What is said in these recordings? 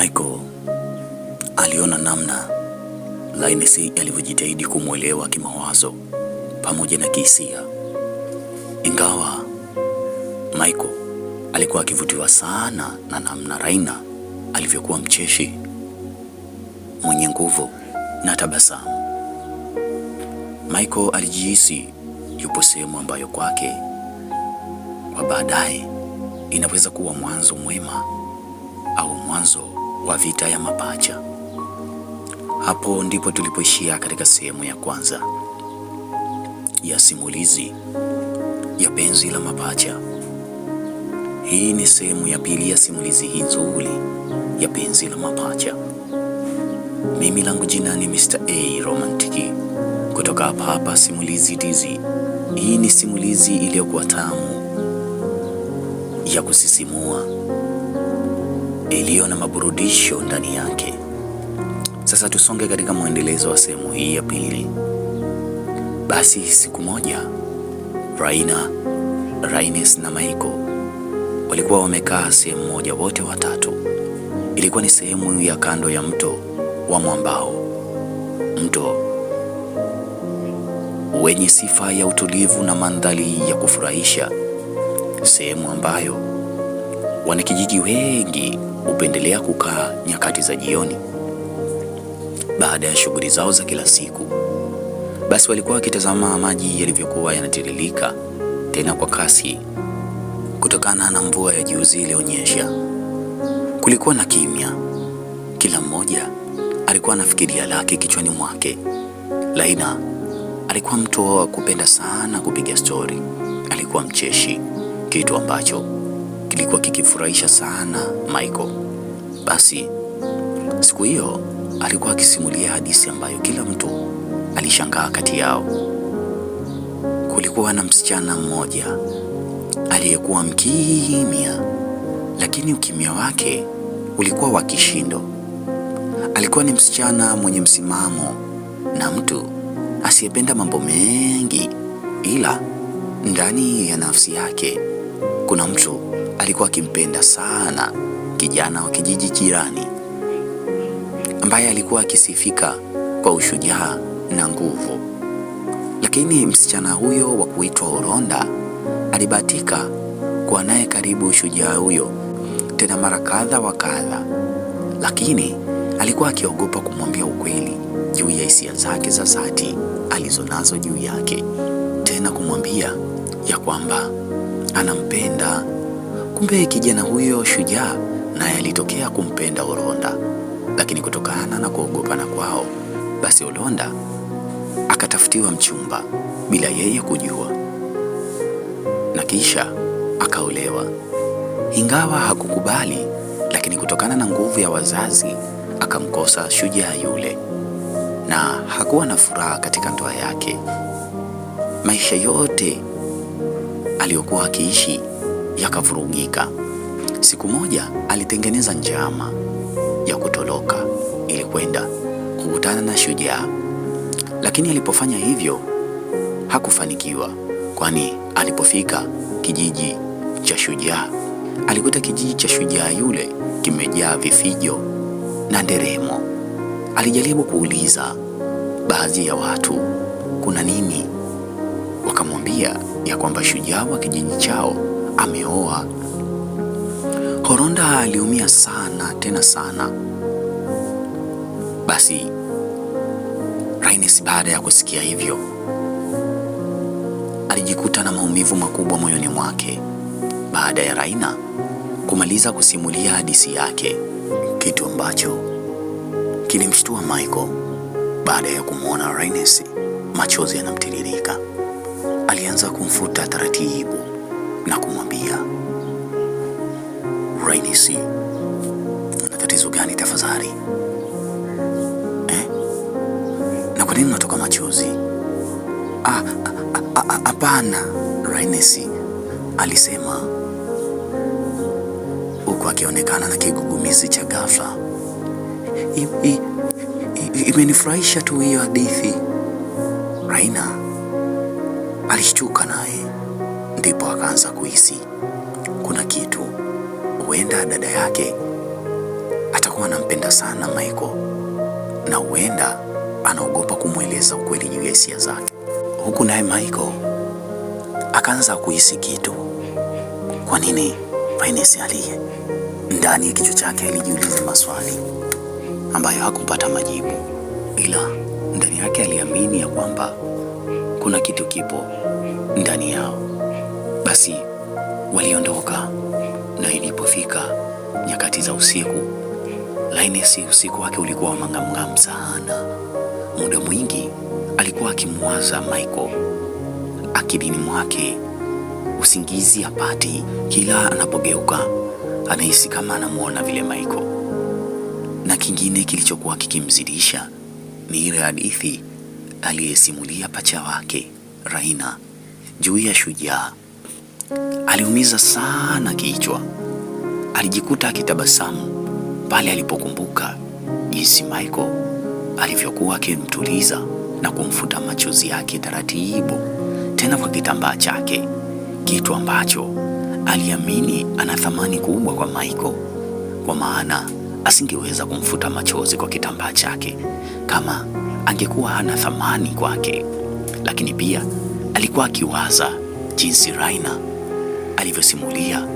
Michael aliona namna si alivyojitahidi kumwelewa kimawazo pamoja na kihisia. Ingawa Michael alikuwa akivutiwa sana na namna Raina alivyokuwa mcheshi, mwenye nguvu na tabasamu. Michael alijihisi yupo sehemu ambayo kwake kwa baadaye inaweza kuwa mwanzo mwema au mwanzo wa vita ya mapacha. Hapo ndipo tulipoishia katika sehemu ya kwanza ya simulizi ya penzi la mapacha. Hii ni sehemu ya pili ya simulizi hii nzuri ya penzi la mapacha. Mimi langu jina ni Mr. A romantic kutoka hapa hapa Simulizi TZ. Hii ni simulizi iliyokuwa tamu ya kusisimua iliyo na maburudisho ndani yake. Sasa tusonge katika mwendelezo wa sehemu hii ya pili. Basi siku moja Raina, Raines na Maiko walikuwa wamekaa sehemu moja wote watatu. Ilikuwa ni sehemu ya kando ya mto wa mwambao, mto wenye sifa ya utulivu na mandhari ya kufurahisha, sehemu ambayo wanakijiji wengi hupendelea kukaa nyakati za jioni baada ya shughuli zao za kila siku. Basi walikuwa wakitazama maji yalivyokuwa yanatiririka tena kwa kasi kutokana na mvua ya juzi iliyonyesha. Kulikuwa na kimya, kila mmoja alikuwa anafikiria lake kichwani mwake. Laina alikuwa mtu wa kupenda sana kupiga stori, alikuwa mcheshi, kitu ambacho kilikuwa kikifurahisha sana Michael. Basi siku hiyo alikuwa akisimulia hadithi ambayo kila mtu alishangaa. Kati yao kulikuwa na msichana mmoja aliyekuwa mkimya, lakini ukimya wake ulikuwa wa kishindo. Alikuwa ni msichana mwenye msimamo na mtu asiyependa mambo mengi, ila ndani ya nafsi yake kuna mtu alikuwa akimpenda sana kijana wa kijiji jirani ambaye alikuwa akisifika kwa ushujaa na nguvu, lakini msichana huyo wa kuitwa Oronda alibahatika kuwa naye karibu shujaa huyo tena mara kadha wa kadha, lakini alikuwa akiogopa kumwambia ukweli juu ya hisia zake za dhati alizonazo juu yake, tena kumwambia ya kwamba anampenda. Kumbe kijana huyo shujaa naye alitokea kumpenda Olonda, lakini kutokana na kuogopana kwao, basi Olonda akatafutiwa mchumba bila yeye kujua, na kisha akaolewa, ingawa hakukubali, lakini kutokana na nguvu ya wazazi akamkosa shujaa yule, na hakuwa na furaha katika ndoa yake. Maisha yote aliyokuwa akiishi yakavurugika. Siku moja alitengeneza njama ya kutoroka ili kwenda kukutana na shujaa, lakini alipofanya hivyo hakufanikiwa, kwani alipofika kijiji cha shujaa alikuta kijiji cha shujaa yule kimejaa vifijo na nderemo. Alijaribu kuuliza baadhi ya watu kuna nini, wakamwambia ya kwamba shujaa wa kijiji chao ameoa. Koronda aliumia sana tena sana. Basi Rainis baada ya kusikia hivyo alijikuta na maumivu makubwa moyoni mwake baada ya Raina kumaliza kusimulia hadithi yake, kitu ambacho kilimshtua Michael. Baada ya kumwona Rainis machozi yanamtiririka, alianza kumfuta taratibu na kumwambia Rainisi, na tatizo gani tafadhali eh? na kwa nini natoka machozi? Ah, ah, ah, hapana, Rainisi alisema huku akionekana na kigugumizi cha ghafla. Imenifurahisha tu hiyo hadithi. Raina alishtuka naye Ndipo akaanza kuhisi kuna kitu, huenda dada yake atakuwa anampenda sana Michael, na huenda anaogopa kumweleza ukweli juu ya hisia zake, huku naye Michael akaanza kuhisi kitu. Kwa nini Venice alie? ndani ya kichwa chake alijiuliza maswali ambayo hakupata majibu, ila ndani yake aliamini ya kwamba kuna kitu kipo ndani yao. Waliondoka na ilipofika nyakati za usiku, Linus usiku wake ulikuwa mangamngam sana. Muda mwingi alikuwa akimwaza Michael. Akilini mwake usingizi apati kila anapogeuka anahisi kama anamwona vile Michael. Na kingine kilichokuwa kikimzidisha ni ile hadithi aliyesimulia pacha wake Raina juu ya shujaa aliumiza sana kichwa. Alijikuta akitabasamu pale alipokumbuka jinsi Michael alivyokuwa akimtuliza na kumfuta machozi yake taratibu, tena kwa kitambaa chake, kitu ambacho aliamini ana thamani kubwa kwa Michael, kwa maana asingeweza kumfuta machozi kwa kitambaa chake kama angekuwa hana thamani kwake. Lakini pia alikuwa akiwaza jinsi Raina alivyosimulia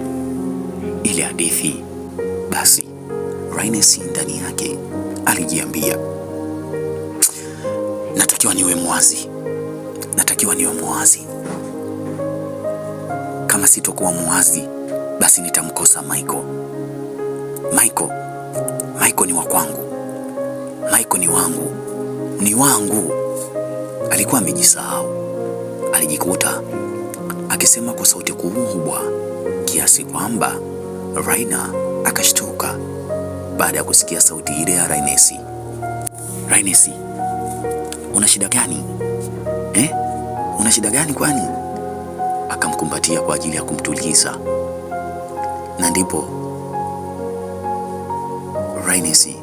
ile hadithi, basi raines ndani yake alijiambia, natakiwa niwe mwazi, natakiwa niwe mwazi. Kama sitokuwa mwazi, basi nitamkosa Michael. Michael, Michael ni wa kwangu, Michael ni wangu, ni wangu. Alikuwa amejisahau, alijikuta akisema kwa sauti kubwa kiasi kwamba Raina akashtuka baada ya kusikia sauti ile ya Rainesi. Rainesi, una shida gani eh? Una shida gani kwani? Akamkumbatia kwa ajili ya kumtuliza, na ndipo Rainesi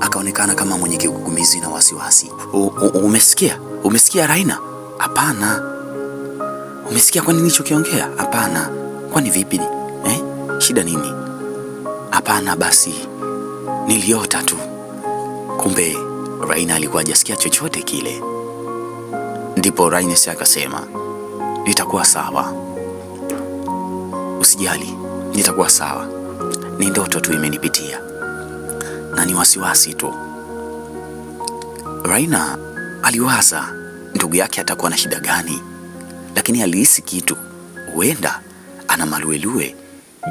akaonekana kama mwenye kigugumizi na wasiwasi. Umesikia? Umesikia Raina? Hapana. Umesikia kwani nilichokiongea? Hapana. Kwani vipi eh? Shida nini? Hapana, basi niliota tu. Kumbe Raina alikuwa hajasikia chochote kile. Ndipo Raines akasema, nitakuwa sawa, usijali, nitakuwa sawa, ni ndoto tu imenipitia na ni wasiwasi tu. Raina aliwaza ndugu yake atakuwa na shida gani? lakini alihisi kitu, huenda ana maluelue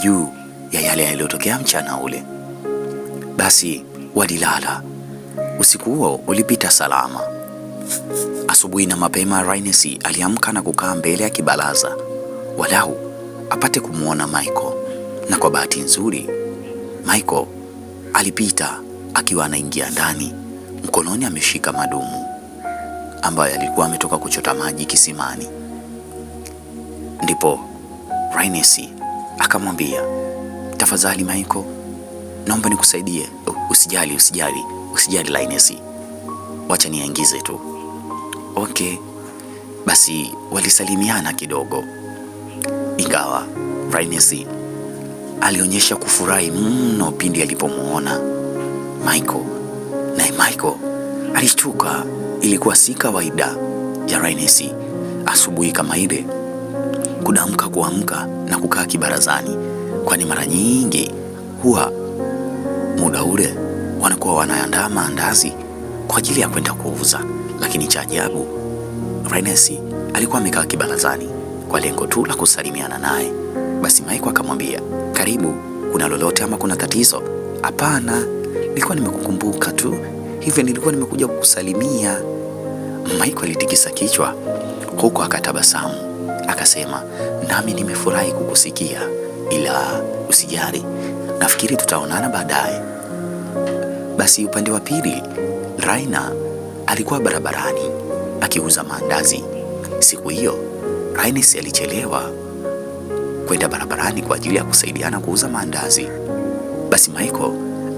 juu ya yale yaliyotokea mchana ule. Basi walilala. Usiku huo ulipita salama. Asubuhi na mapema, Rainesi aliamka na kukaa mbele ya kibalaza, walau apate kumwona Michael, na kwa bahati nzuri Michael alipita akiwa anaingia ndani, mkononi ameshika madumu ambayo alikuwa ametoka kuchota maji kisimani. Ndipo rainesi akamwambia, tafadhali Michael, naomba nikusaidie. Usijali, usijali, usijali Rainesi, wacha niingize tu. Okay, basi walisalimiana kidogo, ingawa rainesi alionyesha kufurahi mno pindi alipomwona Michael, naye Michael alishtuka. Ilikuwa si kawaida ya rainesi asubuhi kama ile kudamka kuamka na kukaa kibarazani, kwani mara nyingi huwa muda ule wanakuwa wanaandaa maandazi kwa ajili ya kwenda kuuza. Lakini cha ajabu, Renesi alikuwa amekaa kibarazani kwa lengo tu la kusalimiana naye. Basi Maiko akamwambia, karibu, kuna lolote ama kuna tatizo? Hapana, nilikuwa nimekukumbuka tu, hivyo nilikuwa nimekuja kukusalimia. Maiko alitikisa kichwa huku akatabasamu akasema, nami nimefurahi kukusikia, ila usijali, nafikiri tutaonana baadaye. Basi upande wa pili, Raina alikuwa barabarani akiuza maandazi. Siku hiyo Rainis alichelewa kwenda barabarani kwa ajili ya kusaidiana kuuza maandazi. Basi Michael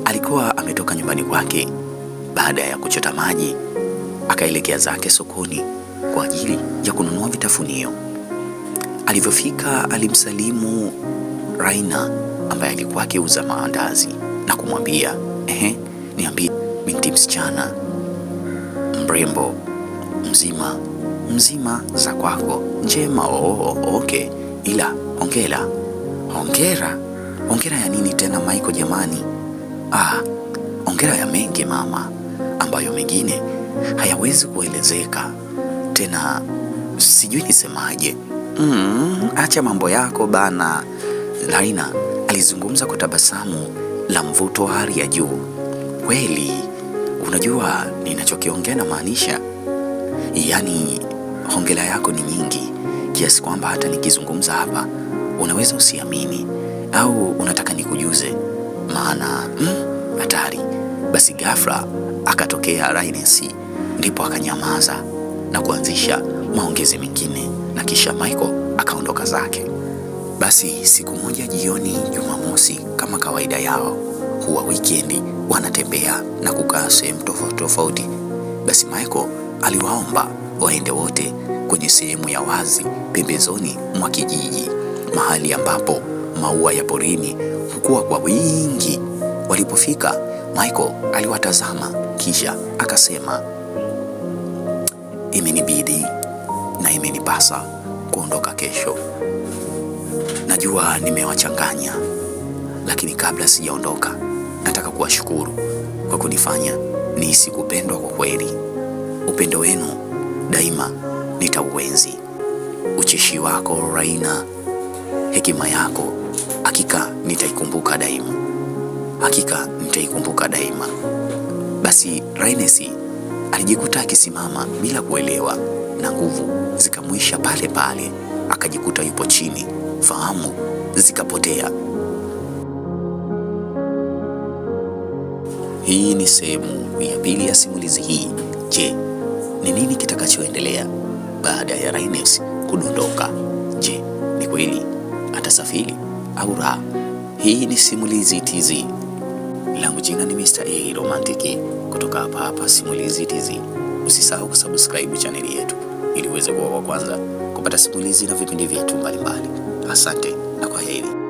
alikuwa ametoka nyumbani kwake baada ya kuchota maji, akaelekea zake sokoni kwa ajili ya kununua vitafunio. Alivyofika alimsalimu Raina ambaye alikuwa akiuza maandazi na kumwambia ehe, niambie binti msichana mrembo mzima mzima za kwako njema. Oh, oh, oh okay, ila hongera hongera hongera ya nini tena maiko jamani? Ah, hongera ya mengi mama, ambayo mengine hayawezi kuelezeka tena, sijui nisemaje. Mm, acha mambo yako bana. Raina alizungumza kwa tabasamu la mvuto wa hali ya juu. Kweli unajua ninachokiongea na maanisha? Yaani hongera yako ni nyingi kiasi kwamba hata nikizungumza hapa unaweza usiamini, au unataka nikujuze maana mm, hatari? Mm, basi ghafla akatokea Raidensi, ndipo akanyamaza na kuanzisha maongezi mengine na kisha Michael akaondoka zake. Basi siku moja jioni, Jumamosi, kama kawaida yao huwa wikendi, wanatembea na kukaa sehemu tofauti tofauti. Basi Michael aliwaomba waende wote kwenye sehemu ya wazi pembezoni mwa kijiji, mahali ambapo maua ya porini hukua kwa wingi. Walipofika, Michael aliwatazama kisha akasema, imenibidi na imenipasa kuondoka kesho. Najua nimewachanganya, lakini kabla sijaondoka, nataka kuwashukuru kwa kunifanya nihisi kupendwa kwa kweli. Upendo wenu daima nitauenzi. Ucheshi wako Raina, hekima yako hakika nitaikumbuka daima, hakika nitaikumbuka daima. Basi Rainesi alijikuta akisimama bila kuelewa na nguvu zikamwisha pale pale, akajikuta yupo chini, fahamu zikapotea. Hii ni sehemu ya pili ya simulizi hii. Je, ni nini kitakachoendelea baada ya Rhinoceros kudondoka? Je, ni kweli atasafiri au la? Hii ni simulizi TZ, langu jina ni Mr. A Romantic kutoka hapa hapa Simulizi TZ. Usisahau kusubscribe chaneli yetu ili uweze kuwa wa kwanza kupata simulizi na vipindi vyetu mbalimbali. Asante na kwa heri.